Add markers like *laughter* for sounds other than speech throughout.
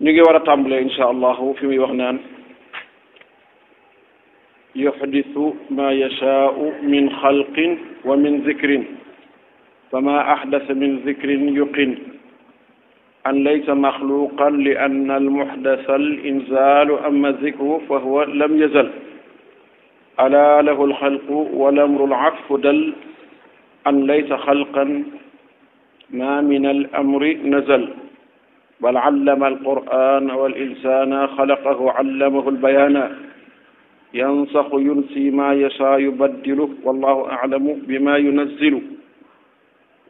نجي ورا تامبل ان شاء الله فيمي وخنان يحدث ما يشاء من خلق ومن ذكر فما احدث من ذكر يقن ان ليس مخلوقا لان المحدث الانزال اما الذكر فهو لم يزل الا له الخلق والامر العفو دل ان ليس خلقا ما من الامر نزل بل علم القرآن والإنسان خلقه علمه البيان ينسخ ينسي ما يشاء يبدله والله أعلم بما ينزل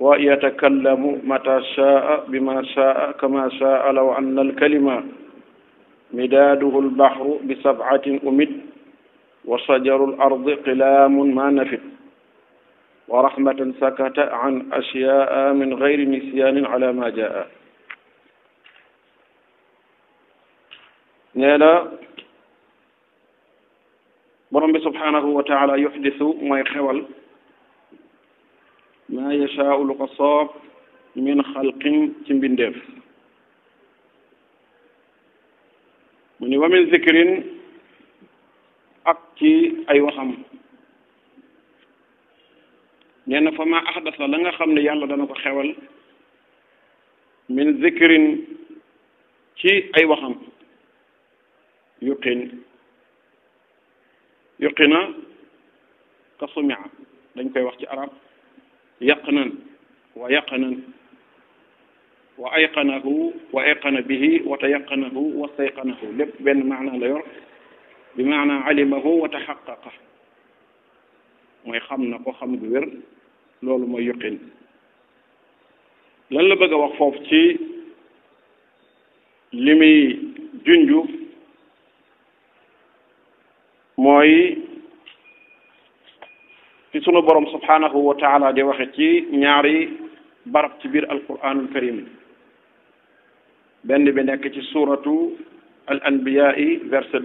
ويتكلم متى شاء بما شاء كما شاء لو أن الكلمة مداده البحر بسبعة أمد وشجر الأرض قلام ما نفد ورحمة سكت عن أشياء من غير نسيان على ما جاء نالا برم سبحانه وتعالى يحدث ما يخول ما يشاء القصاب من خلق تنبندف من ومن ذكر أكتي أي وخم لأن فما أحدث لنا خمنا يالا دانا من ذكر كي أي وخم yuqin yuqina ka sumia dañ koy wax ci arab yaqnan wa yaqanan wa ayqanahu wa ayqana bihi wa tayaqanahu wa stayqanahu lépp benn maana la yor bi maana alimahu wa taxaqaqa mooy xam na ko xam gu wér loolu mooy yuqin lan la bëgg a wax foofu ci li muy junju mooy ci sunu borom subhanahu wa taala di waxe ci ñaari barab ci biir alquranul karim benn bi nekk ci suratu al anbiyai verset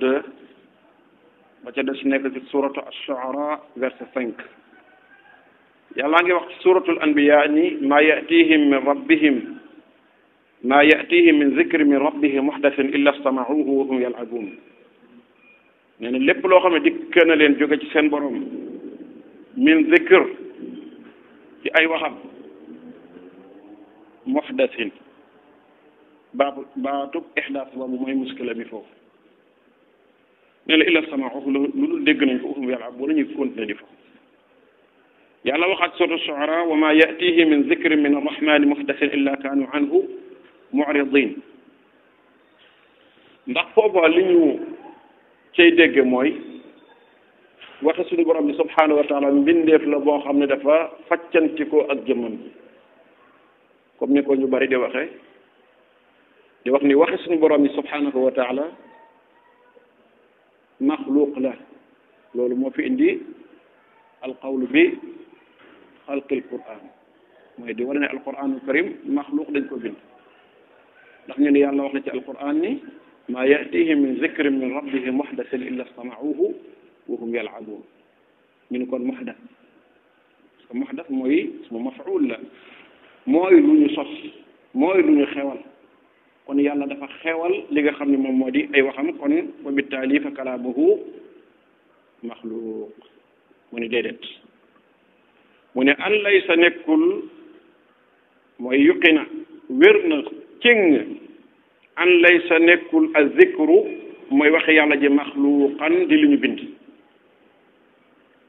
ba ca des nekk ci suratu ashuara verset cinq yàlla ngi wax ci suratul anbiya ni ma yatihim min rabbihim ma yatihim min zikri min rabbihim waxdatin illa stamauhu wa hum yalabun من lepp lo xamne dik kena len joge ci sen borom min zikr ci ay waxam muhdathin باب باتوك احداث الله مهم مشكلة بفوق نلا الا سمعوه لول دغ نكو وهم يلعبون ني كونت ندي فوق يا وخات سوره الشعراء وما ياتيه من ذكر من الرحمن محدث الا كانوا عنه معرضين ندخ فوبا لي cay dégg mooy waxe suñu borom bi subhaanahu wa taala mbindeef la boo xam ne dafa faccantikoo ak jëmmam comme ni ñu bari di waxe di wax ni waxe suñu borom bi subhaanahu wa taala maxluuq la loolu moo fi indi alqawlu bi xalqil quraan mooy di wane ne alquraanul karim maxluuq dañ ko bind ndax ñu ne yàlla wax na ci alquraan ni ما يأتيهم من ذكر من ربه محدث إلا استمعوه وهم يلعبون من يكون محدث محدث موي اسمه مفعول لا موي لو ني صوص موي لو ني خيوال كون يالا دا فا خيوال ليغا خامني موم مودي اي وخام كون وبالتالي فكلامه مخلوق موني ديدت موني ان ليس نيكول موي يقنا ويرنا an laysa nekkul a zikru mooy waxe yàlla ji maxluqan di lu ñu bind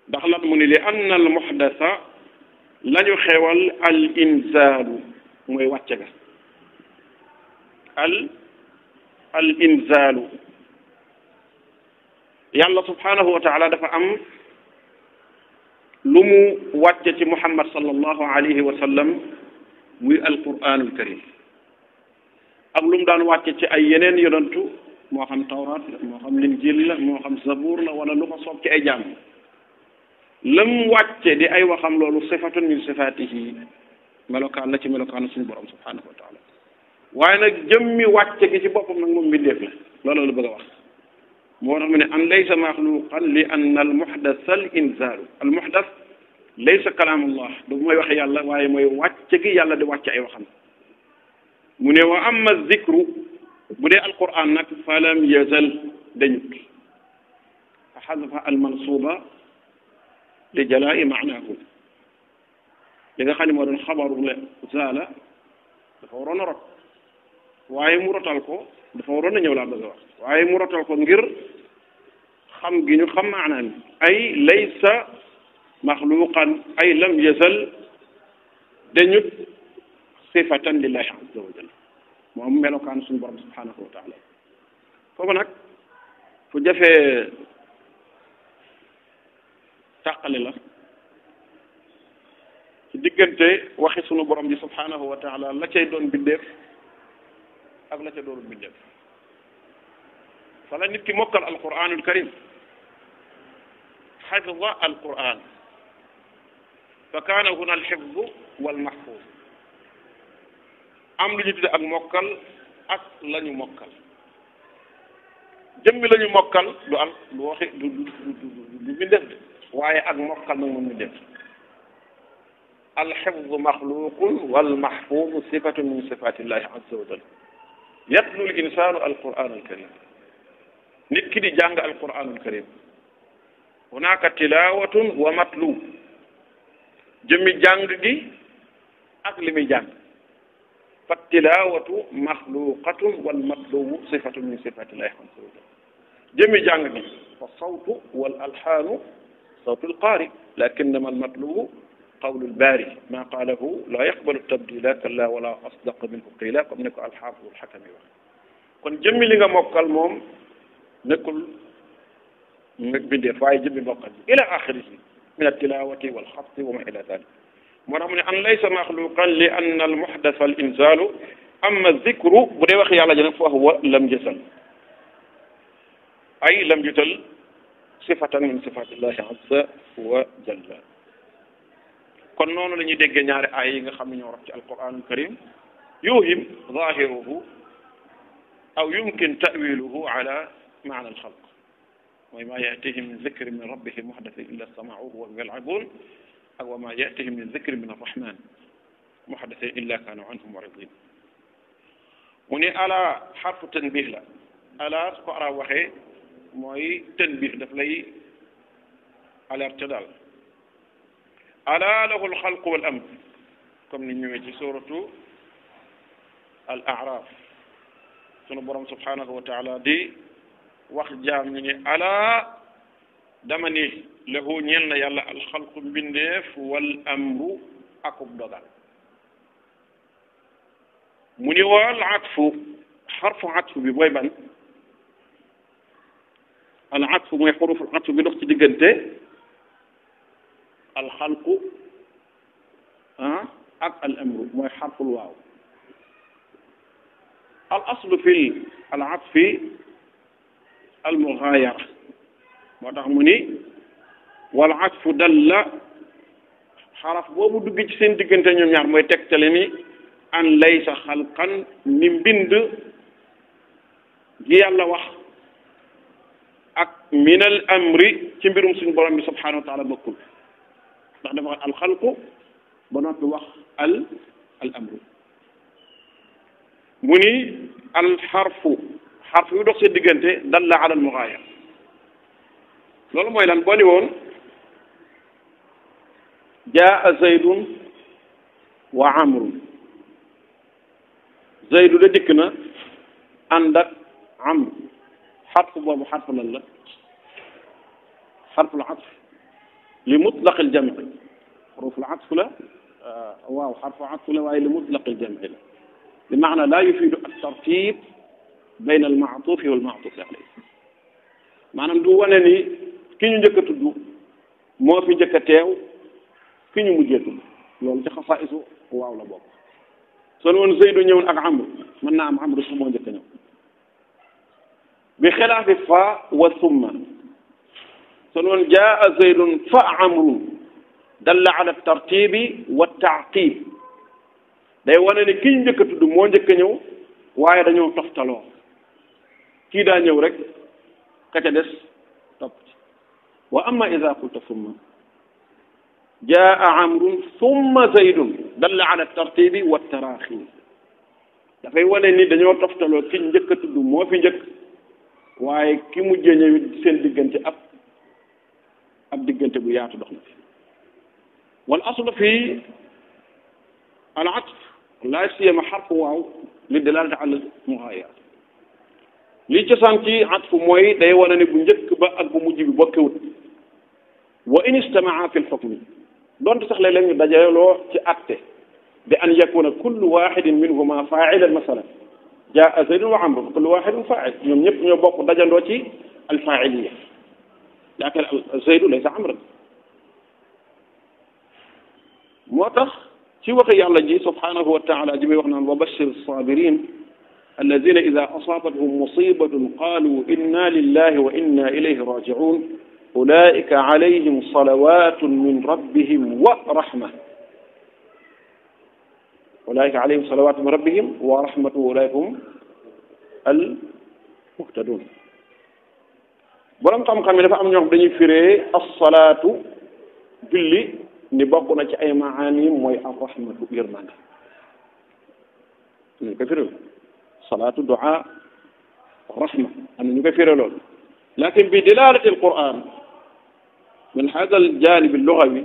ndax lan mu ne li ann al muhdasa la ñu xewal al inzaalu mooy wàcce ga al al inzaalu yàlla subhanahu wa taala dafa am lu mu wàcce ci muhammad sallallahu alayhi wa sallam muy alquranul karim ak lu mu daan wàcce ci ay yeneen yonantu moo xam tawrat la moo xam linjil la moo xam zabuur la wala lu ko soob ci ay jaam lam wàcce di ay waxam loolu sifatun min sifatihi melokaan la ci melokaanu suñu borom subhanahu wa taala waaye nag jëmmi wàcce gi ci boppam nag moom mbindeef la loolu la bëgg a wax moo tax mu ne an laysa maxluqan li anna al muxdas al inzaalu al muxdas laysa kalaamullah du mooy wax yàlla waaye mooy wàcce gi yàlla di wàcce ay waxam mu ne wa amma zikru bu dee alquran nag falam yazal dañut fa xadafa almansuba li jalaa'i maanaahu li nga xam ne moo doon xabaru la zaala dafa waroon a rot waaye mu rotal ko dafa waroon a ñëw laa bëgg a wax waaye mu rotal ko ngir xam gi ñu xam maanaa mi ay laysa maxluqan ay lam yazal dañut صفة لله عز وجل moom melokaanu suñu borom subhanahu wa taala foofu nag fu jafee tàqale la ci diggante waxi suñu borom ji subhanahu wa taala la cay doon bindeef ak la ca doonu bindeef fa la nit ki mokkal alquranul karim xafida alquran fa kaana huna alxifdu walmahfuz am lu ñu tudde ak mokkal ak la ñu mokkal jëmmi la mokkal lu al lu waxe lu lu lu lu def de waaye ak mokkal nag moom ñu def alxifdu maxluqun wal mahfuudu sifatu min sifatillahi azza wa jalla yatlul insaanu alquran alkarim nit ki di jàng alquran alkarim hunaka tilawatun wa matlu jëmmi jàng gi ak li muy jàng فالتلاوة مخلوقة والمطلوب صفة من صفات الله سبحانه وتعالى جمي جانبي فالصوت والألحان صوت القارئ لكنما المطلوب قول الباري ما قاله لا يقبل التبديل كلا ولا أصدق منه قيل قم الحافظ الحكم كن جمي لغا موقع الموم نكل نكبدي فاي جمي موقع إلى آخره من التلاوة والخط وما إلى ذلك moo tax mu ne an laysa maxluqan li an al muxdas al insalu amma zikru bu dee wax yàlla ji nag fa huwa lam jësal ay lam jutal sifatan min sifatillahi azza wa jalla kon noonu la ñuy déggee ñaari ay yi nga xam ne ñoo rot ci alquranul karim yuhim zahiruhu aw yumkin tawiluhu ala maana alxalq mooy ma yatihim min zikri min rabbihim muxdathin illa samaahu wa yalcabun وما يأتهم من ذكر من الرحمن محدثين إلا كانوا عنهم معرضين وني على حرف تنبيه لا على سكورا وحي موي تنبيه دفلي على ارتدال على له الخلق والأمر كم نيوي سورة الأعراف سنو سبحانه وتعالى دي wax jaam على دمني له نين يلا الخلق بنديف والأمر أكب دغال منوال عطف حرف عطف ببويبا العطف من حروف العطف بنقطة دقنت الخلق أك الأمر من حرف الواو الأصل في العطف المغاير ما تعملي wal asfu dalla xaraf boobu dugg ci seen diggante ñoom ñaar mooy tegtale ni an laysa xalqan ni mbind gi yàlla wax ak min al amri ci mbirum suñu borom bi subhanahu wa taala bokkul ndax dafa wax al xalqu ba noppi wax al al amru mu ni al xarfu xarfu yu dox seen diggante dalla ala al mugaayar loolu mooy lan boo ni woon جاء زيد وعمر زيد لدكنا عندك عمرو حرف بابو حرف لان حرف العطف لمطلق الجمع حروف العطف لا آه، واو حرف عطف لا واي لمطلق الجمع لا بمعنى لا يفيد الترتيب بين المعطوف والمعطوف عليه معنى دو ونني كي نجيك تدو مو في جيك تيو fiñu ñu mujjee tudd ci xasaa'isu waaw la bokk solo won Zeydu ñëwoon ak amru man na am amru su mo njëkk ñëw bi xilaafi fa wa thumma solo won jaa Zeydun fa amru dalla ala tartibi wa ta'qib day wone ni ki ñu tuddu mo tudd ñëw waye dañoo toftalo ki da ñëw rek ka ca dess top wa amma ida qulta thumma جاء عمرو ثم زيد دل على الترتيب والتراخي دا فاي وني ني دانيو تفتلو كي نجهك تود مو في نجهك واي كي مو جيني سين ديغنتي اب اب ديغنتي بو ياتو دخنا والاصل في العطف لا سيما حرف واو للدلاله على المغاير li ci santi atf moy day wonane bu ñëkk ba ak bu mujj bi bokkewut wa in istama'a fi دونت صاح لا لين داجالو سي اكتي بان يكون كل واحد منهما فاعلا مثلا جاء زيد وعمر كل واحد فاعل نيوم نيب نعم، نيو نعم، بوك داجاندو سي الفاعليه لكن زيد ليس عمرا موتاخ سي وخا يالا جي سبحانه وتعالى جيمي وخنا وبشر الصابرين الذين اذا اصابتهم مصيبه قالوا انا لله وانا اليه راجعون أولئك عليهم صلوات من ربهم ورحمة أولئك عليهم صلوات من ربهم ورحمة أولئك هم المهتدون ولم قام قام دا فام نيوخ الصلاه جلي ني بوكنا كأي معاني موي الرحمه يرمان ني كفير صلاه دعاء رحمه ان ني لهم لكن بدلاله القران من هذا الجانب اللغوي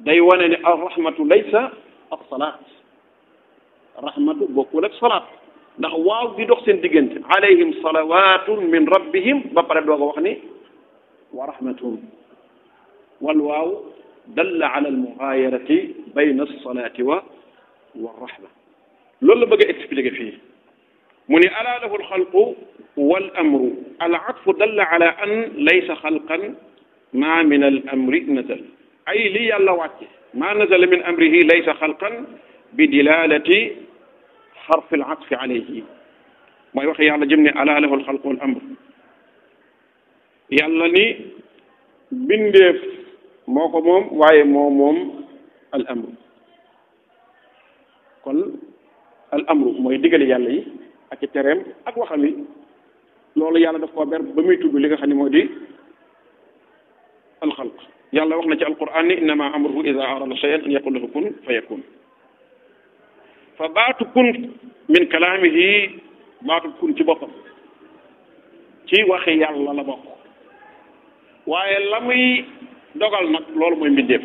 ديوان الرحمة ليس الصلاة الرحمة بقولك صلاة نحو واو دي عليهم صلوات من ربهم ببرا ورحمة والواو دل على المغايرة بين الصلاة والرحمة لول بقى اكسبليك فيه من ألا له الخلق والأمر العطف دل على أن ليس خلقا ما من الأمر نزل أي لي الله اللوات ما نزل من أمره ليس خلقا بدلالة حرف العطف عليه ما يوحي على جمني ألا له الخلق والأمر يلا ني بنديف موكو موم واي مو موم الأمر كل الأمر ما يدقل يلا أكي ترم أكو خمي لولا يلا دفع بير بمي تبلغ خاني مودي الخلق يلا وقنا في القران انما امره اذا اراد شيئا ان يقول له كن فيكون فبات كن من كلامه بات كن في بوبم في وخي يلا لا بوك واي لامي دوغال نك لول موي مبيديف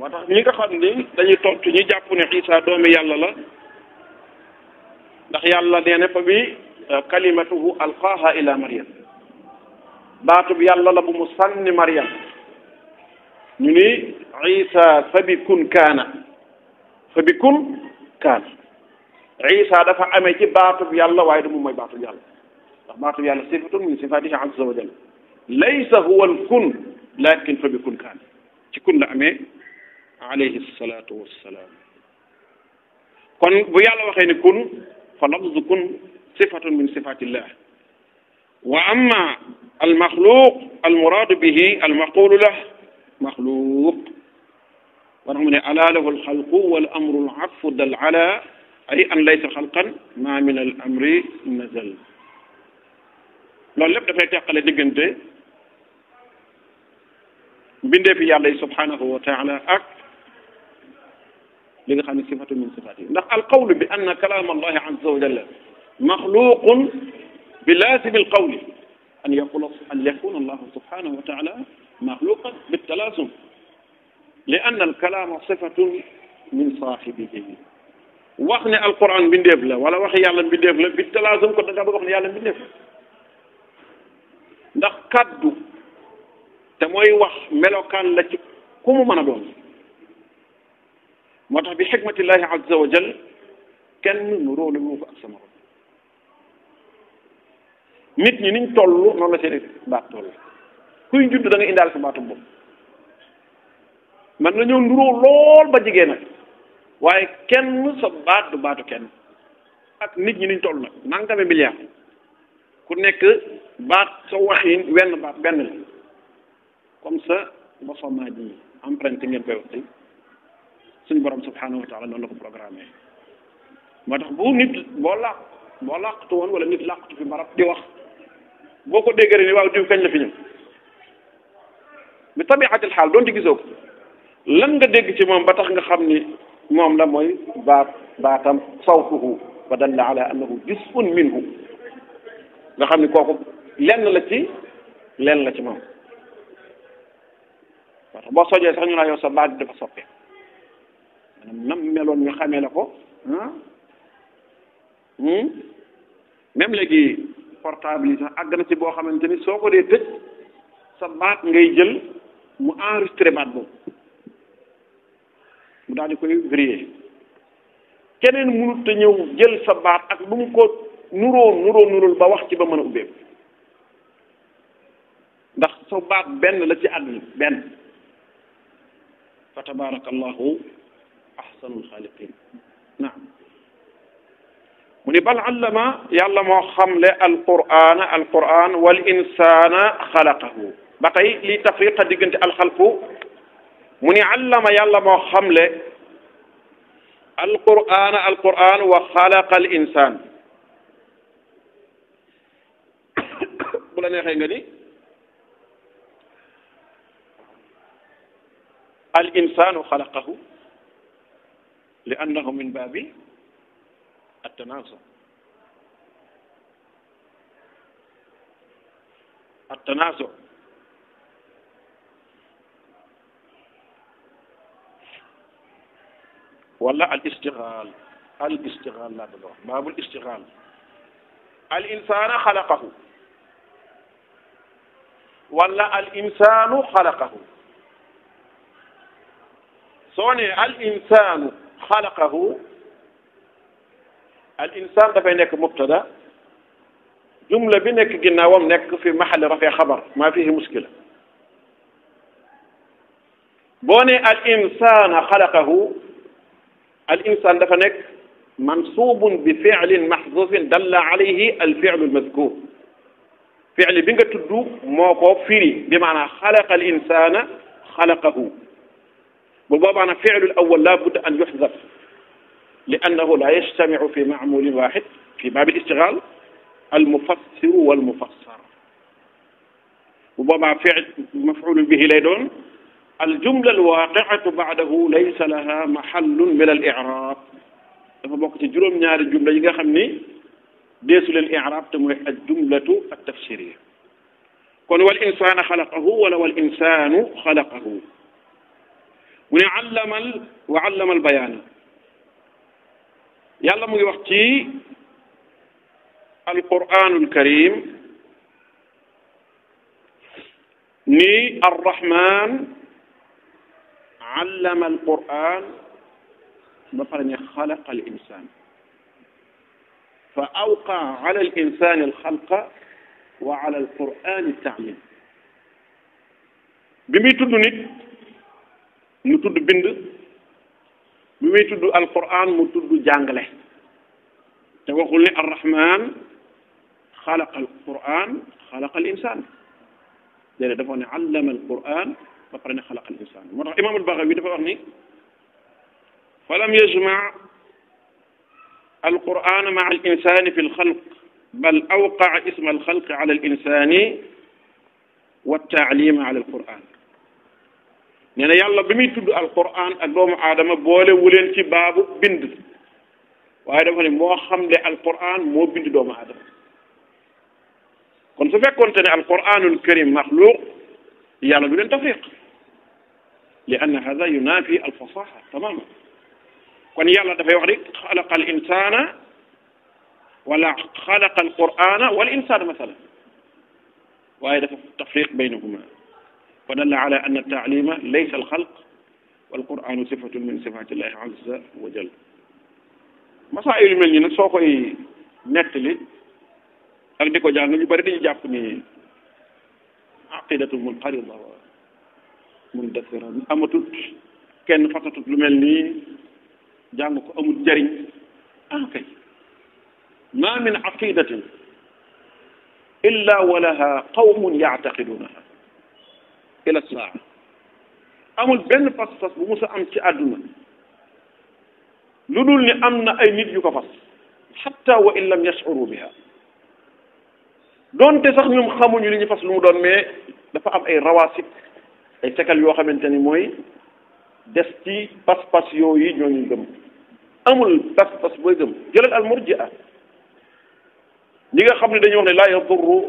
motax ñi nga xamni dañuy tok ñi japp ne isa doomi yalla la ndax yalla neena fa bi kalimatuhu alqaha ila maryam باتب يالله لبو مسن مريم نني عيسى فبكون كان فبكون كان عيسى دفع أميك باتب يالله وايد مو باتب يالله باتب يالله سيفتون من سيفاته عز وجل ليس هو الكن لكن فبكون كان تكون لأمي عليه الصلاة والسلام كن بيالله وخيني كن فلفظ كن صفة من صفات الله وأما المخلوق المراد به المقول له مخلوق ورغم ألا له الخلق والأمر العفو دل على أي أن ليس خلقا ما من الأمر نزل لو لم في تقل دقنت بند في الله سبحانه وتعالى أك لذي خاني صفة من صفاته القول بأن كلام الله عز وجل مخلوق بلازم القول أن يقول أن يكون الله سبحانه وتعالى مخلوقا بالتلازم لأن الكلام صفة من صاحبه وخنا القرآن من ديفلا ولا وخي يالا من ديفلا بالتلازم كنت دابا وخنا يالا من ديفلا دا كادو تموي وخ ملوكان لا كومو مانا دون موتا بحكمة الله عز وجل كان نورو لمو فأسمه nit ñi niñ tollu non la seen baat toll kuy judd da nga indaal sa baatum bopp man na ñëw lol lool ba jigéen nag waaye kenn sa baat du baatu kenn ak nit ñi niñ toll nag nangame milliard ku nekk baat sa waxin wenn baat benn la comme ça ba ji emprunté ngeen koy waxti suñ borom subhanahu wa taala noonu la ko programmé moo tax bu nit boo làq boo làqtu woon wala nit làqtu fi barab di wax boko ko ni waaw diw fegn la fi ñëw bi tabiatil xaal doon di gisoo lan nga deg ci mom ba tax nga xamni mom la moy ba baatam sawtuhu wa dalla ala annahu jisun minhu nga xamni koku len la ci len la ci mom bo soje sax ñu naa yow sa baat dafa soppe maanaam nam meloon ñu xamé la ko hmm même legui portable yi sax àgg na ci boo xamante ni soo ko dee tëj sa baat ngay jël mu enregistré baat boobu mu daal koy griller keneen munut te ñëw jël sa baat ak bu mu ko nuróo nuróo nurul ba wax ci ba mën a ubbeeku ndax sa baat benn la ci àdduna benn fa tabaarakallahu ahsanul xaaliqin naam من بل علم يلا مو لي القران القران والانسان خلقه بقي لي تفريق ديغنت الخلق من علم يلا مو خمل القران القران وخلق الانسان بلا نخي غني الانسان خلقه لانه من باب التناصر التناصر ولا الاستغلال الاستغلال لا تدرى ما هو الاستغلال الإنسان خلقه ولا الإنسان خلقه سوني الإنسان خلقه الانسان دا فاي نيك مبتدا جمله بي نيك غيناوام نيك في محل رفع خبر ما فيه مشكله بوني الانسان خلقه الانسان دا فا نيك منصوب بفعل محذوف دل عليه الفعل المذكور فعل بيغا تدو موكو فيري بمعنى خلق الانسان خلقه وبابا انا فعل الاول لابد ان يحذف لأنه لا يجتمع في معمول واحد في باب الاشتغال المفسر والمفسر وما فعل مفعول به ليدون الجملة الواقعة بعده ليس لها محل من الإعراب فبوك تجرم نار الجملة يجا خمني ديس للإعراب تموي الجملة التفسيرية قل والإنسان خلقه ولا والإنسان خلقه ونعلم ال... وعلم البيان يلا مو يوحتي القرآن الكريم ني الرحمن علم القرآن مثلا خلق الإنسان فأوقع على الإنسان الخلق وعلى القرآن التعليم بمي تدنك نتد بند القرآن متدو جانجلة تقول لي الرحمن خلق القرآن خلق الإنسان لأن علم القرآن فقرنا خلق الإنسان مرة إمام البغوي دفعني فلم يجمع القرآن مع الإنسان في الخلق بل أوقع اسم الخلق على الإنسان والتعليم على القرآن nee na yàlla bi muy tudd alquran ak doomu aadama boole wuleen ci baabu bind waaye dafa ne moo xamle alquran moo bind doomu aadama kon su fekkonte ne alquranul karim maxluuq yàlla du leen tafriq li anna hada yunafi alfasaha tamama kon yàlla dafay wax rek xalaqa al insana wala xalaqa alqurana wal insana masalan waaye dafa tafriq baynahuma ودل على أن التعليم ليس الخلق والقرآن صفة من صفات الله عز وجل masaayil yu mel nii nag soo koy nettali ak di ko jàng ñu bari dañu jàpp ni aqidatu munqarida wa mundasira amatut kenn fatatut lu mel nii jàng ko amul jariñ ah kay ma min aqidatin illa wa laha qawmun yactaqidunaha ila saa amul benn pas-pas bu mus a am ci àdduna lu dul ni am na ay nit yu ko fas xatta wa in lam yashuru biha donte sax ñoom xamuñu li ñu fas lu mu doon mais dafa am ay rawaasik ay cekal yoo xamante ni mooy des ci pas-pas yooyu ñooñu gëm amul pas-pas booy gëm jëlal al murjia ñi nga xam ne dañuy wax ne laa yadurru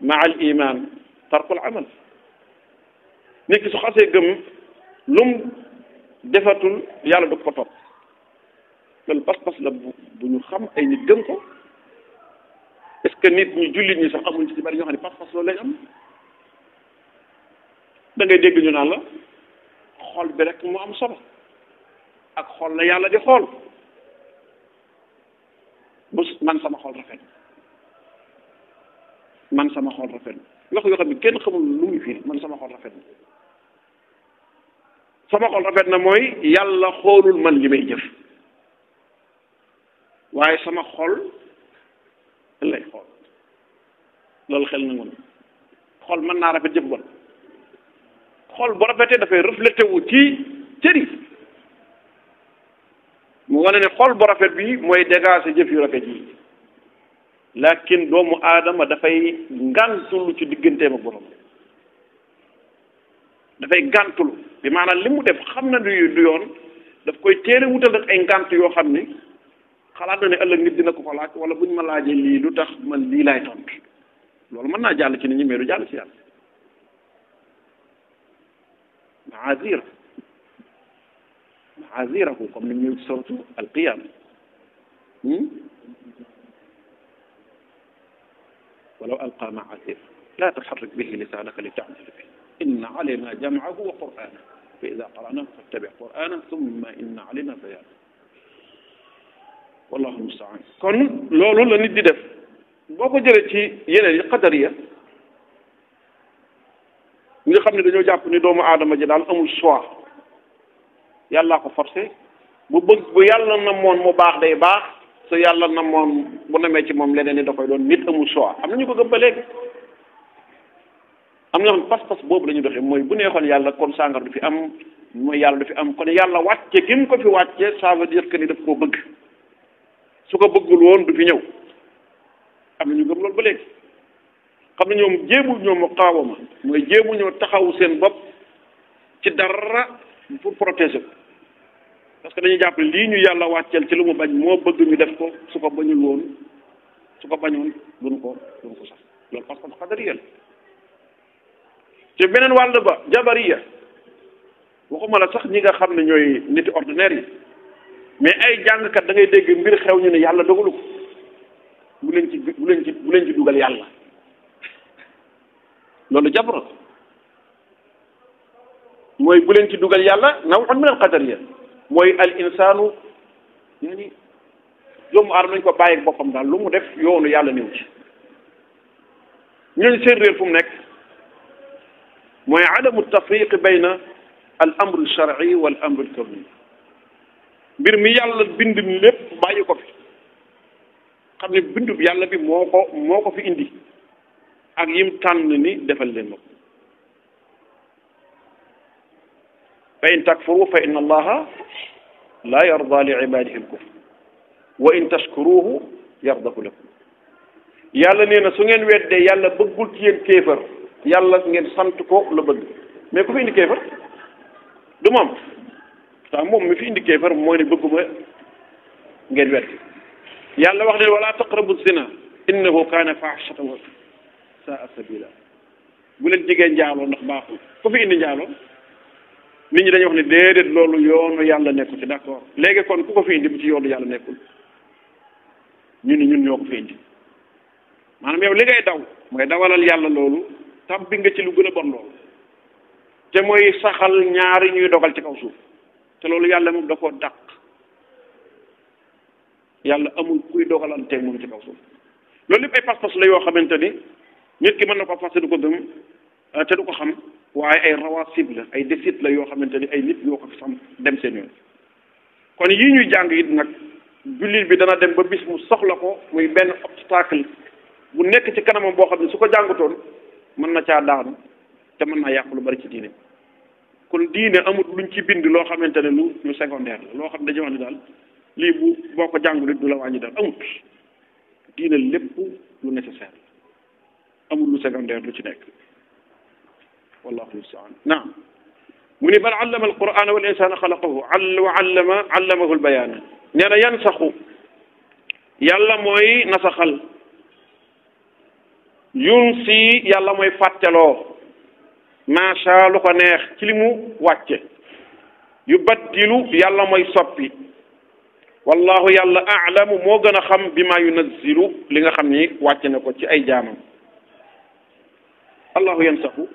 maa al iman tarku al amal nit ki su xasee gëm lum defatul yàlla du ko topp loolu pas-pas la bu bu ñu xam ay nit gëm ko est-ce que nit ñi jullit ñi sax amuñ ci bari ñoo xam ne pas-pas loolu lañ am da ngay dégg ñu naan la xool bi rek mu am solo ak xool la yàlla di xool bu man sama xool rafet man sama xool rafet wax yoo xam ne kenn xamul lu muy firi man sama xool rafet sama xol rafet na mooy yàlla xoolul man li may jëf waaye sama xol lan lay xool loolu xel na ngoon xol mën naa rafet jëf bon xol bu rafetee dafay reflété wu ci cëri mu wane ne xol bu rafet bi mooy dégager jëf yu rafet yi laakin doomu aadama dafay ngàntulu ci digganteem ak borom dafay ngàntulu bi maanaam li mu def xam na du du yoon daf koy teel a wutal rek ay ngant yoo xam ni xalaat na ne ëllëg nit dina ko fa laaj wala buñ ma laajee lii lu tax man lii laay tontu loolu mën naa jàll ci nit ñi mais du jàll ci yàlla maazira maazirahu comme ni ñuy sortu alqiyam ولو ألقى معاذير لا تحرك به لسانك لتعجل به إن علينا جمعه وقرآنه فإذا قرأناه فاتبع قرآنه ثم إن علينا بيانه والله المستعان kon loolu la nit di def boo ko jëlee ci yeneen yi qadariya ñi nga xam ne dañoo jàpp ni doomu aadama ji daal amul choix yàllaa ko forcé bu bëgg bu yàlla na moon mu baax day baax su yàlla na moon bu namee ci moom leneen ni da koy doon nit amul choix am na ñu ko gëm ba léegi am na ñoo xam boobu la ñu mooy bu neexoon yàlla kon sàngara du fi am mooy yàlla du fi am kon yàlla wàcce gi ko fi wàcce ça veut dire que ni daf koo bëgg su ko bëggul woon du fi ñëw am na ñu gëm loolu ba léegi xam ne ñoom jéemu ñoo mu xaawama mooy jéemu ñoo taxawu seen bopp ci dara pour protéger parce que dañuy jàpp lii ñu yàlla wàcceel ci lu mu bañ moo bëgg ñu def ko su ko bañul woon su ko bañoon duñ ko duñ ko sax loolu parce que te beneen wàll ba jabariya waxuma la sax ñi nga xam ne ñooy niti ordinaire yi mais ay jàngkat da dégg mbir xew ñu ne yàlla dogalu ko bu leen ci bu leen ci bu leen ci dugal yàlla loolu jabra mooy bu leen ci dugal yàlla nawxun min al qadariya mooy al insaanu yaani ko bàyyi boppam daal lu mu def yoonu yàlla néew ci ñooñ seen réer fu mu nekk موي التفريق بين الامر الشرعي والامر الكوني بير مي يالا بند ليب بايكو في خامني بند بي يالا بي موكو موكو في اندي اك يم تانني ديفال لين مكو فان تكفروا فان الله لا يرضى لعباده الكفر وان تشكروه يرضى لكم يالا نينا سو نين ويد يالا بغول كي كيفر yàlla ngeen sant ko la bëgg mais ku fi indi kéefar du moom ndax moom mi fi indi kéefar mooy ne bëgguma ngeen wet yàlla wax ne wala taqrabu zina innahu kaana fahshatan wa saa sabila bu leen jigee njaaloo ndax baaxul ku fi indi njaaloo nit ñi dañuy wax ne déedéet loolu yoonu yàlla nekkul ci d'accord léegi kon ku ko fi indi bu ci yoonu yàlla nekkul ñu ni ñun ñoo ko fi indi maanaam yow li ngay daw mooy dawalal yàlla loolu bi nga ci lu gën a bon loolu te mooy saxal ñaari ñuy dogal ci kaw suuf te loolu yàlla moom da koo dàq yàlla amul kuy dogalante moom ci kaw suuf loolu lépp ay pas-pas la yoo xamante ni nit ki mën na ko fas te du ko gëm euh, te du ko xam waaye ay rawaasib la ay desit la yoo xamante ni ay nit yoo ko sam dem seen yoon kon yi ñuy jàng yit nag jullit bi dana dem ba bis mu soxla ko muy benn obstacle bu nekk ci kanamam boo xam ne su ko jàngutoon mën na caa daanu te mën naa yàqu lu bari ci diine kon diine amut luñ ci bind loo xamante ne lu lu secondaire la loo xam ne dañoo ne daal lii bu boo ko jàngul du la wàññi daal amut diine lépp lu nécessaire la amul lu secondaire lu ci nekk wallahu musta'an naam mu ni bal allama alqur'ana wal insana xalaqahu wa allama allamahu albayaana nee na yansaxu yàlla mooy nasaxal yun yàlla mooy fàtteloo macha lu ko neex ci li mu wàcce yu baddilu yàlla mooy soppi wallahu yàlla aalamu moo gën a xam bi ma yunazzilu li nga xam ni wàcce na ko ci ay jaamam allahu yansaxu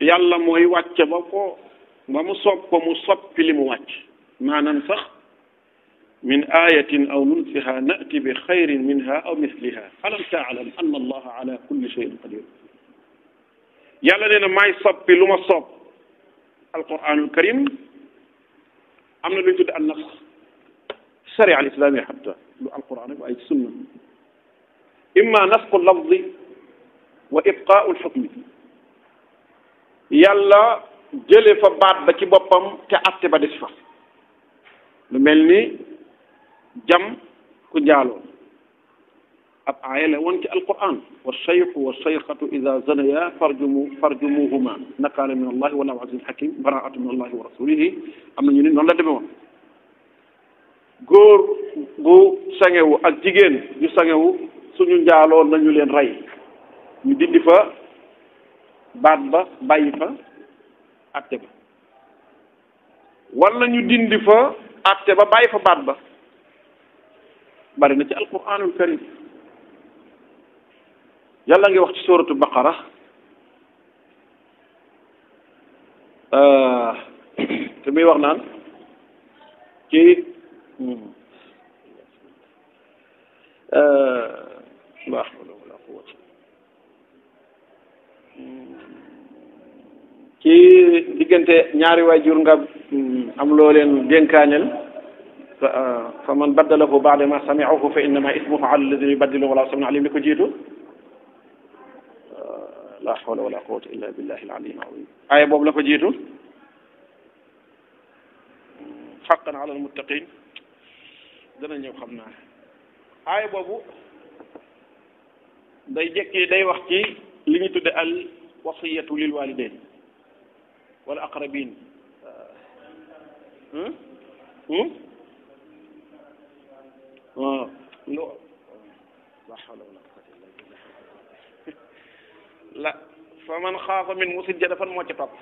yàlla mooy wàcce ba ko ba mu sopp ko mu soppi li mu wàcc maanaam sax من آية أو ننسها نأتي بخير منها أو مثلها ألم تعلم أن الله على كل شيء قدير يلا لنا ما يصب في لما صب القرآن الكريم أمن اللي تدعى النص شريع الإسلامي حتى القرآن وأي السنة إما نسق اللفظ وإبقاء الحكم يلا جلف بعد بكي بابم تأتي بدسفة لملني jam ku njaaloo ab aaya la woon ci alquran wa sayxu wa sayxatu ida zanaya farjumu farjumuhuma nakaala min allahi wallahu azizun hakim baraatu min allahi wa rasulihi am na ñu ni noonu la demee góor gu sangewu ak jigéen ñu sangewu suñu njaaloo nañu leen rey ñu dindi fa baat ba bàyyi fa atte ba wala ñu dindi fa atte ba bàyyi fa baat ba bari na ci alquranul karim yàlla ngi wax ci suratu baqara euh, te muy wax naan ci euh, ci diggante ñaari waajur nga am loo leen آه، فمن بدله بعد ما سمعوه فإنما اسمه على الذي يبدله ولا سمع عليهم لك جيدو آه، لا حول ولا قوة إلا بالله العلي العظيم اي بوب لك جيدو حقا على المتقين دنا نيو خمنا آية بوب دا جيكي داي وقتي لن يتدى الوصية للوالدين والأقربين آه، هم؟ هم آه. لا حول ولا قوة إلا بالله la *laughs* fa فلا فأصلح min musil jadafan moo ci topp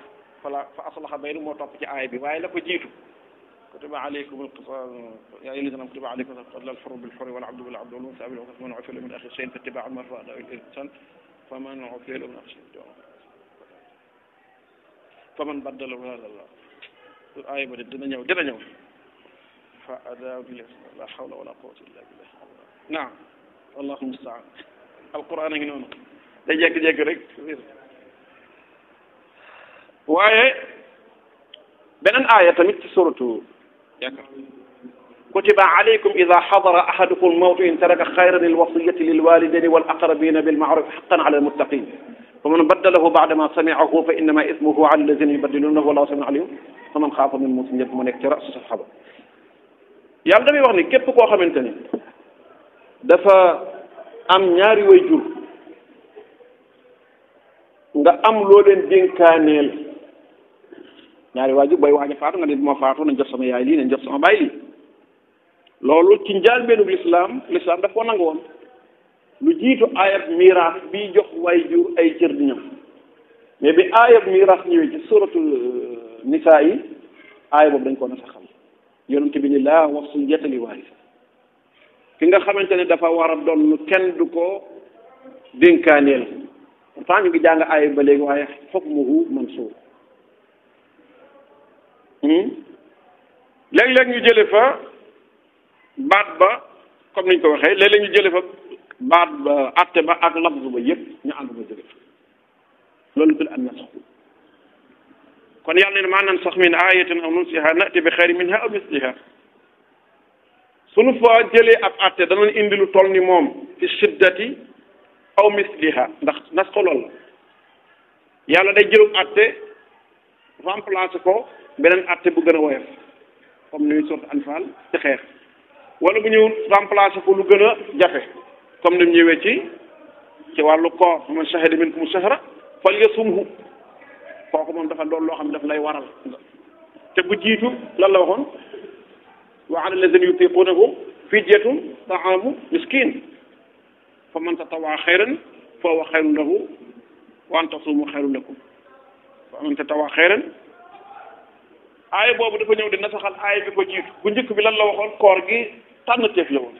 fala كتب عليكم القصاص يا ايها الذين كتب عليكم القتل الفر بالفر والعبد بالعبد والانثى بالانثى ومن عفل من اخي شيء فاتباع مرة الانسان فمن عفل من اخي شيء فمن بدل هذا الله الايه بدل دنا نيو دنا نيو الله لا حول ولا قوة إلا بالله نعم الله المستعان القرآن ngi noonu day رك jekki rek waaye beneen aaya كتب عليكم إذا حضر أحدكم الموت إن ترك خيرا الوصية للوالدين والأقربين بالمعروف حقا على المتقين فمن بدله بعدما سمعه فإنما إثمه على الذين يبدلونه والله سمع عليهم فمن خاف من موت يكمن يكتر yàlla damay wax ni képp koo xamante ni dafa am ñaari way nga am loo leen dénkaaneel ñaari waajur bay waaj a faatu nga ne ma faatu nañ jox sama yaay lii nañ jox sama baay lii loolu ci njaalbeenub lislaam lislaam daf ko nangu woon lu jiitu aayab miraas bi jox way jur ay cër di ñëw mais bi aayab miraas ñëwee ci suratul euh, nisaa yi aaya boobu dañ ko na yonent bi ni la wax suñ jetali waarisa ki nga xamantene dafa wara don lu kenn du ko denkanel pourtant ñu ngi jàng ay ba legi waye hukmuhu mansur hmm leg leg ñu jële fa baat ba comme niñ ko waxe leg leg ñu jële fa baat ba atte ba ak lafz ba yépp ñu ànd ba jële fa lolu tul an nasakh فان يعني ما ننسخ من آية أو ننسيها نأتي بخير منها أو مثلها سنفو جلي أب أتي دانان إندلو تولني موم في الشدة أو مثلها نسخل الله يالا دي جلو أتي رامبلاسكو بلن أتي بغن ويف كم نوي سورة أنفال تخير ولو بنيو رامبلاسكو لغن جافي كم نمي ويتي كي والو كور من شهد منكم شهرة فليصومه kooku moom dafa loolu loo xam ne daf lay waral te bu jiitu lan la waxoon wa ala lazina yutiqunahu fidyatun taamu miskin fa man tatawaa xayran fa huwa xayrun lahu wa an tasumu xayrun lakum fa man tatawaa xayran aaya boobu dafa ñëw di nasaxal aaya bi ko jiitu bu njëkk bi lan la waxoon koor gi tànn teef la woon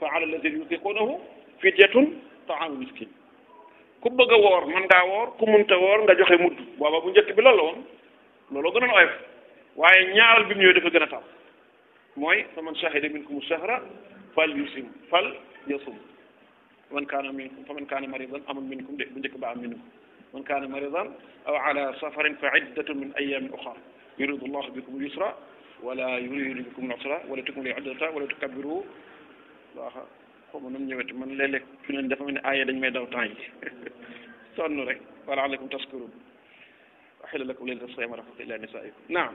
fa ala lazina yutiqunahu fidyatun taamu miskin ku bëgg a woor man ngaa woor ku munta woor nga joxe mudd booba bu njëkk bi loolu la woon looloo gënoon oyof waaye ñaaral bi mu ñëwee dafa gën a taw mooy faman shahida minkum shahra fal yusim fal yasum man kaana minkum man kaana maridan amul minkum de bu njëkk ba am minkum man kaana maridan aw ala safarin fa iddatu min ayamin uxar yuridu llahu bikum yusra wala yuridu bikum nasra wala tukmilu iddata wala tukabbiru allaha xaw ma nu mu ñëwati man léeg-léeg fi leen dafa mel ne aaya dañ may daw temps yi sonn rek wala aleykum taskurun axila lakum leylata siyama rafatu ila nisaikum naam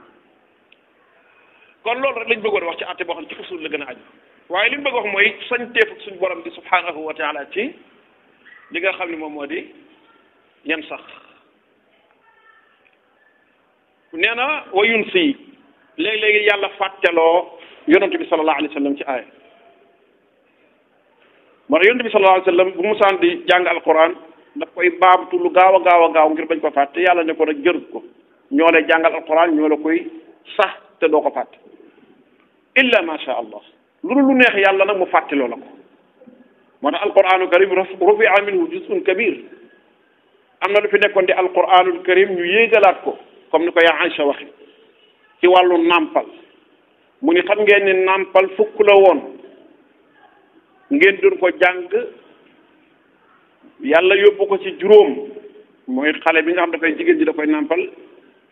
kon loolu rek lañ bëggoon wax ci atte boo xam ne ci usul la gën a aju waaye li mu bëgg wax mooy sañteef ak suñ borom bi subhanahu wa taala ci li nga xam ne moom moo di yan sax nee na wa yun si léeg-léegi yàlla fàtteloo yonente bi salallahu alayhi wa sallam ci aaya moo tax yonent bi sallallahu alayhi wa sallam bu musaan di koy baamtu lu gaaw a gaaw a gaaw ngir bañ ko fàtte yàlla ne ko nag jërut ko ñoo lay jàngal alquran ñoo la koy sax te doo ko fàtte illa ma sha allah lu lu neex yàlla nag mu fàtte loo la ko moo tax alquranu karim rufia minhu juzun kabir am na lu fi nekkoon di alquranul karim ñu yéegalaat ko comme ni ko yaa Aïcha waxe ci wàllu nàmpal mu ni xam ngeen ni nàmpal fukk la woon ngeen doon ko jàng yàlla yóbbu ko ci juróom mooy xale bi nga xam dafay jigéen ji da koy nàmpal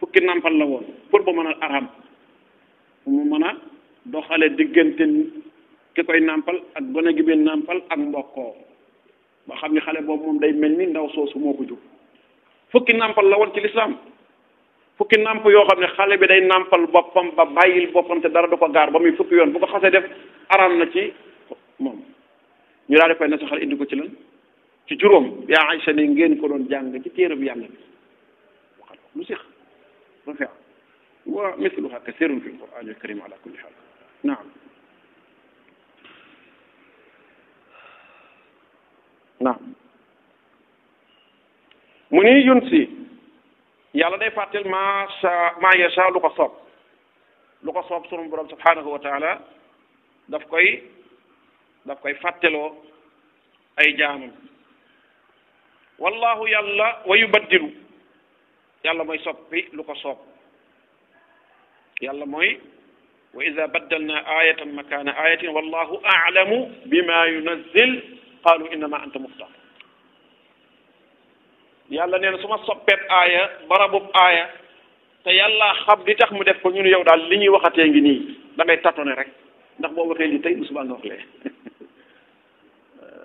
fukki nàmpal la woon pour ba mën a aram mu mën a doxale diggante ki koy nàmpal ak gone gi muy nàmpal ak mbokkoo ba xam ni xale boobu moom day mel ni ndaw soosu moo ko fukki nàmpal la woon ci lislaam fukki nàmp yoo xam ne xale bi day nàmpal boppam ba bàyyil boppam te dara du ko gaar ba muy fukki yoon bu ko xasee def aram na ci moom ñu daal di koy nasaxal indi ko ci lan ci juróom yaa aysa ne ngeen ko doon jàng ci téere bi yàlla bi waxal lu seex lu feex wa misluha kasirun fi alquran alkarim ala kulli xaal naam naam mu ni yun si yàlla day fàttel ma sa ma yasa lu ko soob lu ko soob sunu borom subhanahu wa taala daf koy daf koy fàtteloo ay jaamam wallahu yàlla wa yubaddilu yàlla mooy soppi lu ko soob yàlla mooy wa ida baddalna ayatan makana ayatin wallahu alamu bima yunazzil qalu innama anta muftar yàlla nee na su ma soppeeb aaya barabub aaya te yàlla xam di tax mu def ko ñun yow daal li ñuy waxatee ngi nii dangay ngay tatone rek ndax boo waxee lii tey bu subaa nga lee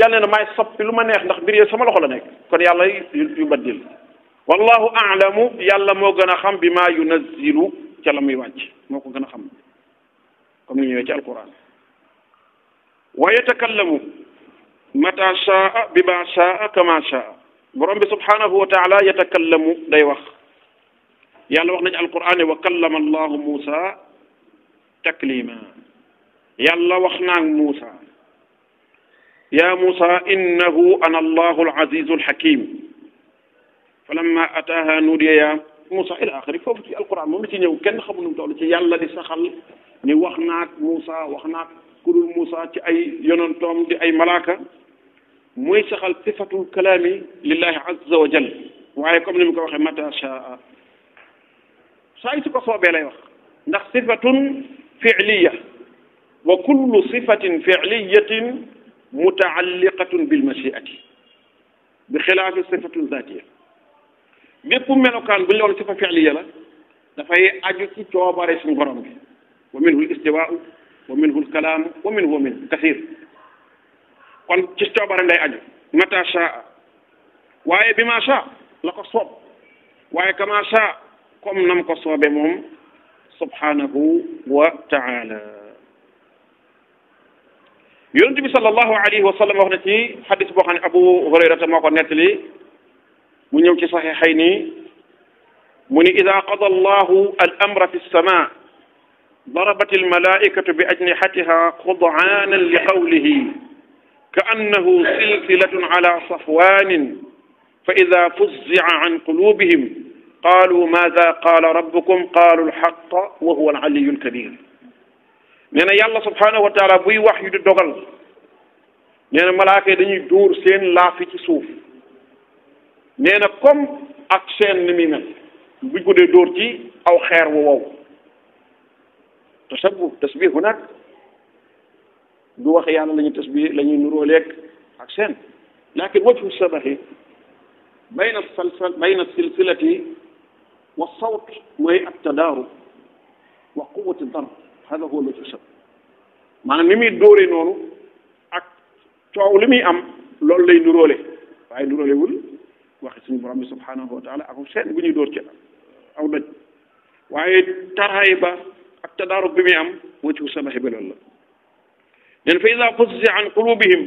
yàlla na maay soppi lu ma neex ndax mbir yi sama loxo la nekk kon yàlla yu baddil wallahu aalamu yàlla moo gën a xam bi maa yunazilu ca la muy wàcc moo ko gën a xam comme ni ñëwee ci alquran wa yatakallamu mata shaa bi shaa kama shaa borom bi subhanahu wa taala yatakallamu day wax yàlla wax nañu alquran wa kallama allahu musa taklima yàlla wax naa ak يا موسى إنه أنا الله العزيز الحكيم فلما أتاها نوديا يا موسى إلى آخره فوق في القرآن ممكن تيجي وكان خبر نقول تيجي يلا دي نوخناك موسى وخناك كل موسى تأي ينطم أي ملاكة موسى سخل صفة الكلام لله عز وجل وعليكم لم يكن متى شاء سايت كفوا بلاي وخ صفة فعلية وكل صفة فعلية متعلقة بالمشيئة بخلاف الصفة الذاتية بيب ملوكان بلون صفة فعلية لا فهي فاي اديو سي توباري ومنه الاستواء ومنه الكلام ومنه ومنه كثير كون سي توباري نداي اديو متى شاء واي بما شاء لاكو صوب واي كما شاء قم نام كو صوبي سبحانه وتعالى يونس بن صلى الله عليه وسلم وخنتي حديث بوخان ابو هريره مكو نتلي مو نيو سي صحيحين من اذا قضى الله الامر في السماء ضربت الملائكه باجنحتها خضعانا لقوله كانه سلسله على صفوان فاذا فزع عن قلوبهم قالوا ماذا قال ربكم قالوا الحق وهو العلي الكبير nee yàlla subhanahu wa taala buy wax yu di dogal nee na malaaka dañuy dóor seen laafi ci suuf nee na comme ak seen ni muy mel buñ ko dee dóor ci aw xeer wu wow tasabbu tasbihu nag du wax yàlla lañu tasbih la nuro lek ak seen lakin wajhu sabahi bayna salsal bayna silsilati wa sawt moy ak tadaru wa quwati darb هذا هو الاكتشاف ما نمي دوري نونو اك تو لمي ام لول لي نورولي واي نورولي ول واخ سن برام سبحانه وتعالى اكو سين بني دور تي او دج واي تراي با اك تدارك بمي ام مو تشو سمح بل الله لان فاذا فزع عن قلوبهم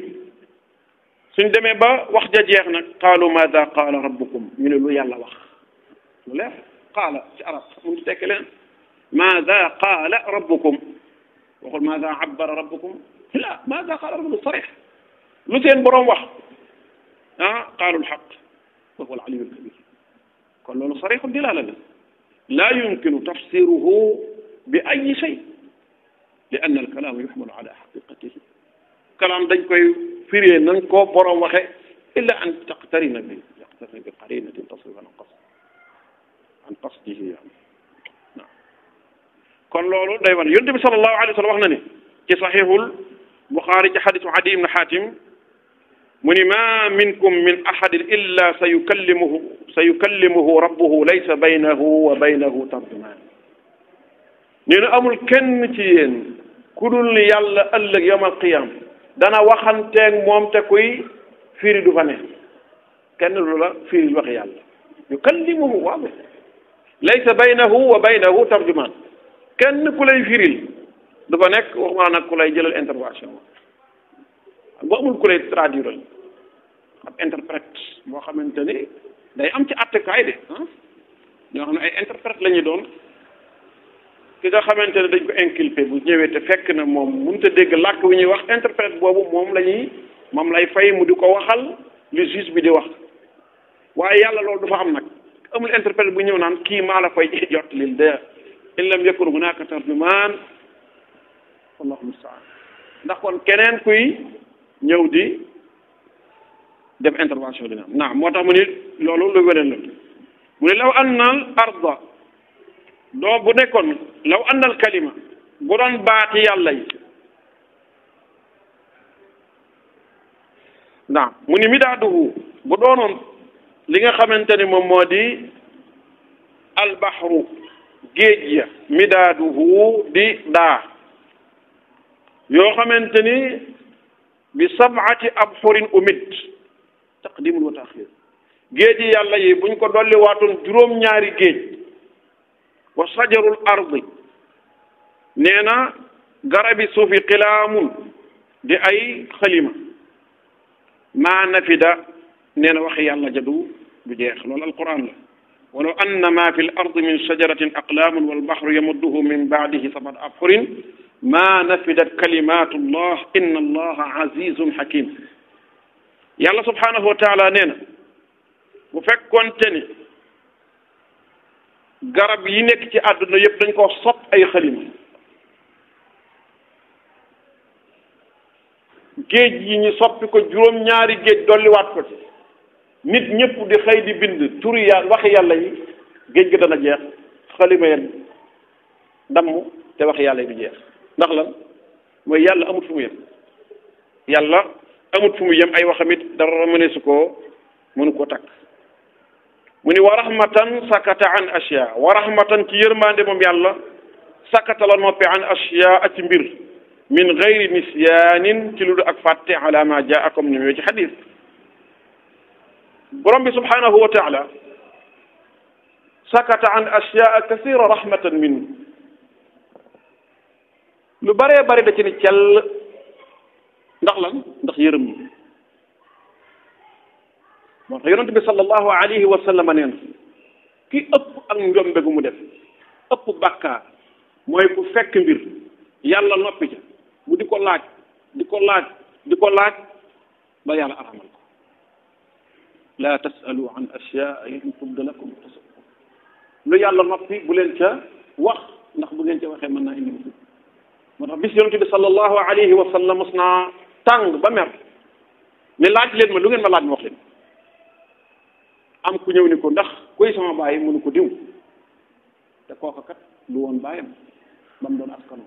سن دمي با واخ جاج يخنا قالوا ماذا قال ربكم من لو يلا واخ قال سي عرب من تكلم ماذا قال ربكم يقول ماذا عبر ربكم لا ماذا قال ربكم صريح مثل بروح قالوا الحق وهو العلي الكبير قالوا له صريح دلالة لا يمكن تفسيره بأي شيء لأن الكلام يحمل على حقيقته كلام دنكو فيري ننكو بروم وخي إلا أن تقترن به يقترن بقرينة تصرف عن قصده عن قصده يعني كن لولو دايوان يونتبي صلى الله عليه وسلم واخناني في صحيح البخاري حديث عدي بن حاتم من ما منكم من احد الا سيكلمه سيكلمه ربه ليس بينه وبينه ترجمان نين امول كين تي ين كودول يالا الله يوم القيامه دانا واخانتك موم تكوي فيري دو فاني كين لولا فيري واخ يالا يكلمه واضح ليس بينه وبينه ترجمان kenn ku lay firil du fa nekk wax ma nag ku lay jëlal intervention bu amul ku lay traduire ab interprète boo xamante ni day am ci attekaay de ah ñoo xam ne ay interprète la ñu doon ki nga xamante ne dañ ko inculpé bu ñëwee te fekk na moom mënut te dégg làkk wi ñuy wax interprète boobu moom la ñuy moom lay fay mu di ko waxal li juge bi di wax waaye yàlla loolu du fa am nag amul interprète bu ñëw naan kii maa la fay *laughs* jot lil de إن لم يكن هناك ترجمان الله المستعان نقول كنان كوي نيودي دم انترفانسيون دينا نعم موتا موني لولو لو ولن موني لو ان الارض دو بو نيكون لو ان الكلمه بودون بات يالله نعم موني ميدادو بودونون ليغا خامتاني موم مودي البحر géej ya midaaduhu di daa yoo xamante ni bi sab'ati abhurin umid taqdimul wa taxir géej yi yàlla yi buñ ko dolli waatoon juróom-ñaari géej wa sajarul ardi nee na garabi suufi xilaamun di ay xalima maa nafida nee na waxi yàlla ja du du jeex la ولو أن ما في الأرض من شجرة أقلام والبحر يمده من بعده سبعة أبحر ما نفدت كلمات الله إن الله عزيز حكيم يا الله سبحانه وتعالى نينا وفك كونتني غرب ينك تي أدنى يبدنك وصف أي خليم جيج يني صف كو جروم نياري جيج دولي وات nit ñëpp di xëy di bind turi ya wax yàlla yi géej gi dana jeex xalima yen damm te wax yàlla yi du jeex ndax lan mooy yàlla amut fu mu yem yàlla amut fu mu yem ay waxamit dara mëne su koo mënu koo takk mu ni wa rahmatan sakata an ashiya wa rahmatan ci yërmande moom yàlla sakata la noppi an ashiya a ci mbir min gayri nisyanin ci lu ak fàtte ala ma jaa comme ni mu ci xadis برمي سبحانه وتعالى سكت عن أشياء كثيرة رحمة منه لو باري باري دا دخل تيال داخ لان يرم ما يونت بي صلى الله عليه وسلم أن نين كي أب اك نيوم بي مو ديف اوب باكا موي فك مير يالا نوبي جا مو ديكو لاج ديكو لاج ديكو لاج با لا تسألوا عن أشياء إن تبد لكم تسألوا لو يالله نفسي بولين تا واخ ناخ بولين تا واخي مانا اني مسو من ربي سيون تبي صلى الله عليه وسلم صنع تانغ بامير ني لاج لين ما لو ما لاج واخ لين ام كو نيو نيكو ناخ كوي سما باي مونوكو ديو تا كوكا كات لو وون بايام بام دون اسكانو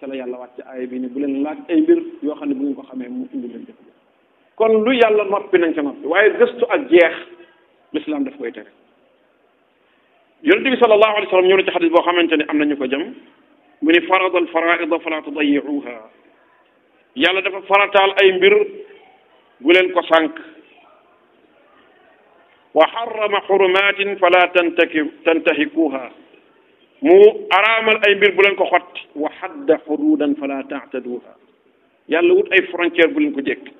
سلا يالله واتي اي بي ني بولين لاج اي مبير يو خاني بوغي كو خامي مو اندي لين ديو kon lu yàlla noppi nañ ca noppi waaye gëstu ak jeex l'islam daf koy tere yonente bi salallahu alai sallam ñëw na ci xadis boo xamante ne am nañu ko jëm mu ni farada al faraida fala tudayiuha yàlla dafa farataal ay mbir bu leen ko sànq wa xarama xurumatin fala tantaki tantahikuha mu araamal ay mbir bu leen ko xott wa xadda xududan fala taataduha yàlla wut ay frontière bu leen ko jékk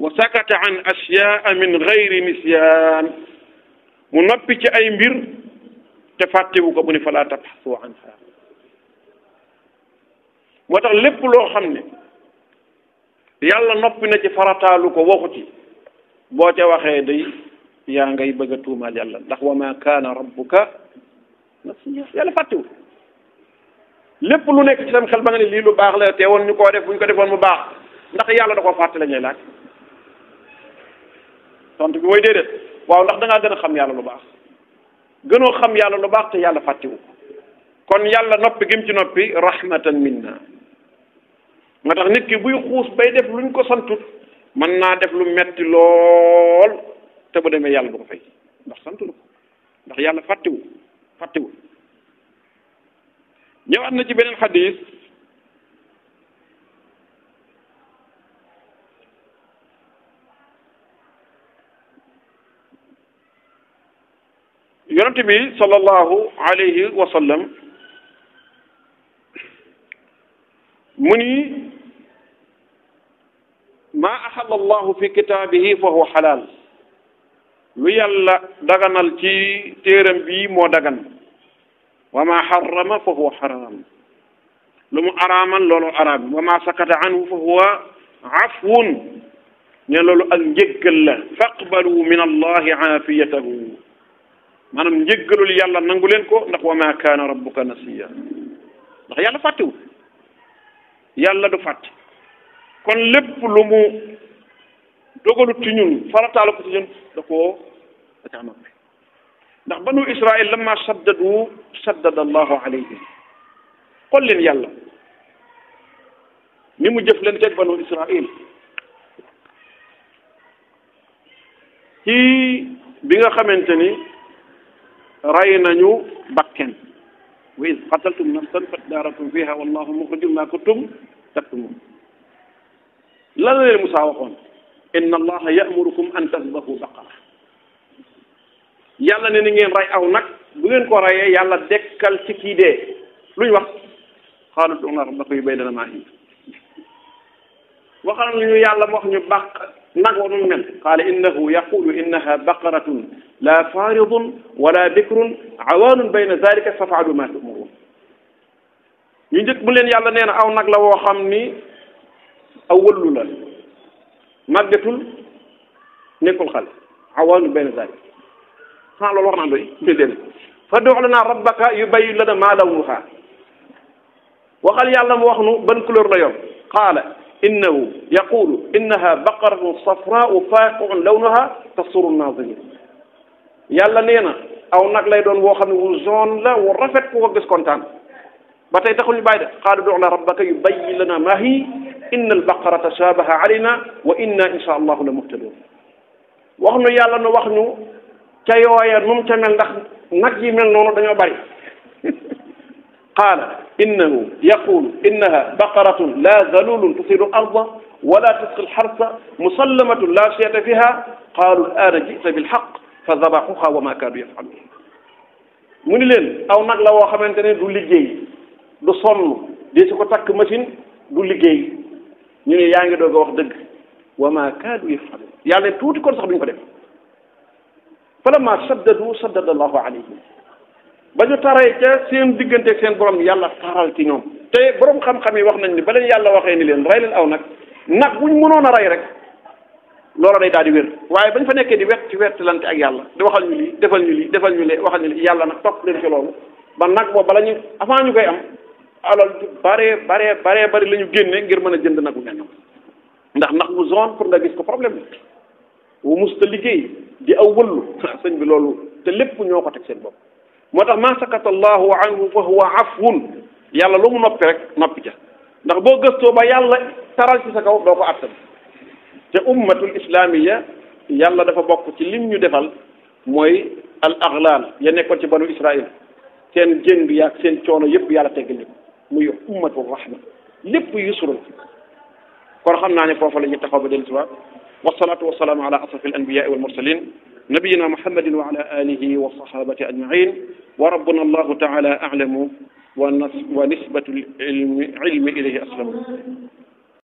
وسكت عن أشياء من غير نسيان منبك أي مر تفاتيو كبني فلا تبحثوا عنها وتا لب لو خمني يالا نوبي نتي فراتالو كو وخوتي بو تي واخي دي يا غاي بغا توما يالا داخ وما كان ربك نسيا يالا فاتيو لب لو نيك سي سام خال باغني لي لو باخ لا تيون نيكو ديف بو نيكو ديفون مو باخ داخ يالا داكو فاتلا ني لاك tontu bi mooy déedéet waaw ndax da nga gëna xam yàlla lu baax gëno xam yàlla lu baax te yàlla fàttiwu wu kon yàlla noppi gim ci noppi rahmatan minna nga tax nit ki buy xuus bay def luñ ko santut man na def lu metti lol te bu demé yàlla bu ko fay ndax santu ko ndax yàlla wu fàttiwu wu ñewat na ci benen hadith يرتبي صلى الله عليه وسلم مني ما أحل الله في كتابه فهو حلال ليلا دغن الكي تيرم بي مودغن وما حرم فهو حرام لم أراما لولو أرام وما سكت عنه فهو عفو نلولو أنجيك فاقبلوا من الله عافيته manam njëggalul yàlla nangu leen ko ndax wa ma kaana rabbuka nasiya ndax yàlla fatiw yàlla du fat kon lépp lu mu dogalut ci ñun farataal ko ci ñun da ko da caa ndax banu israël lama saddadu saddad allah alayhi qul lin yàlla mi mu jëf leen tek banu israël ci bi nga xamanteni rey nañu bakken wa id qataltum nafsan fadaratum fiha wallahu muxrijum ma kuntum taktumun lan la leen Moussa waxoon inna allaha yamurukum an tasbahu baqara yàlla ne ni ngeen rey aw nag bu ngeen ko reyee yàlla dekkal ci kii dee lu ñu wax xaalu duna rabbaka yubayyin lana maa hiya waxal ñu yàlla wax ñu bàq قال إنه يقول إنها بقرة لا فارض ولا بكر عوان بين ذلك فافعلوا ما تؤمرون يجيك بلين يالا نينا أو نغلا وخمني أول ولولا مجتل نيكو الخل عوان بين ذلك قال الله نعم بيدين فدع لنا ربك يبين لنا ما لونها وقال يالا موخنو بن كلور ليوم قال إنه يقول إنها بقرة صفراء فاقع لونها تصور الناظرين يلا نينا أو نقل يدون وخم وزون لا ورفت وقس كونتان باتي تقول بايدا قال دعنا ربك يبين لنا ما هي إن البقرة تشابه علينا وإنا إن شاء الله لمهتدون وخم يلا نوخم كيوايا نمتمل نقل نقل نقل نقل قال إنه يقول إنها بقرة لا ذلول تصير الأرض ولا تسقي الحرث مسلمة لا شيء فيها قالوا الآن جئت بالحق فذبحوها وما كانوا يفعلون من لين أو نقل وخمن تاني دو ليجي دو صون دي سكو تاك ماشين دو ليجي ني ني ياغي دوغ واخ دغ وما كانوا يفعلون يالا توتي كون صاح دنجو ديف فلما شددوا شدد الله عليهم ba ñu taray ca seen diggante ak seen borom yàlla taral ci ñoom te borom xam-xam yi wax nañ ni ba leen yàlla waxee ni leen rey leen aw nag nag buñ mënoon a rey rek loolu day daal di wér waaye bañ fa nekkee di wet ci wettilante ak yàlla di waxal ñu lii defal ñu lii defal ñu lee waxal ñu lii yàlla nag topp leen ci loolu ba nag boobu bala ñu avant ñu koy am alal ju baree baree bari la ñu génne ngir mën a jënd nag bu mel ndax nag bu zone pour nga gis ko problème la wu musta liggéey di aw wëllu *laughs* sëñ bi loolu te lépp ñoo ko teg seen bopp moo tax ma sakata allahu anhu fa huwa afwun yàlla lu mu noppi rek noppi ca ndax boo gëstoo ba yàlla taral ci sa kaw doo ko attan te ummatul islamiya yàlla dafa bokk ci lim ñu defal mooy al ya nekkoon ci banu israil seen jëng yaag seen coono yëpp yàlla teggal ñu ko muy ummatu rahma lépp yusrul kon xam naa ne foofu la ñuy taxaw ba dellusiwaat wasalaatu wasalaamu ala asrafil anbiyaai wal mursalin نبينا محمد وعلى آله والصحابة أجمعين وربنا الله تعالى أعلم ونسبة العلم إليه أسلم